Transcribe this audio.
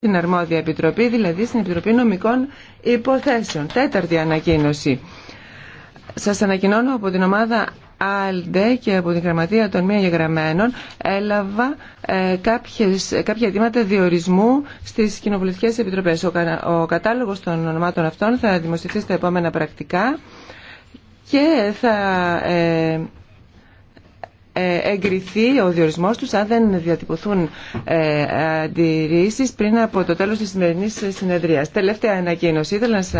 στην αρμόδια επιτροπή, δηλαδή στην Επιτροπή Νομικών Υποθέσεων. Τέταρτη ανακοίνωση. Σας ανακοινώνω από την ομάδα ALDE και από την Γραμματεία των Μία έλαβα ε, κάποιες, ε, κάποια αιτήματα διορισμού στις κοινοβουλευτικές επιτροπές. Ο, ο κατάλογος των ονομάτων αυτών θα δημοσιευτεί στα επόμενα πρακτικά και θα... Ε, ε, εγκριθεί ο διορισμός τους αν δεν διατυπωθούν ε, αντιρρήσεις πριν από το τέλος της σημερινής συνεδρίας. Τελευταία ανακοίνωση.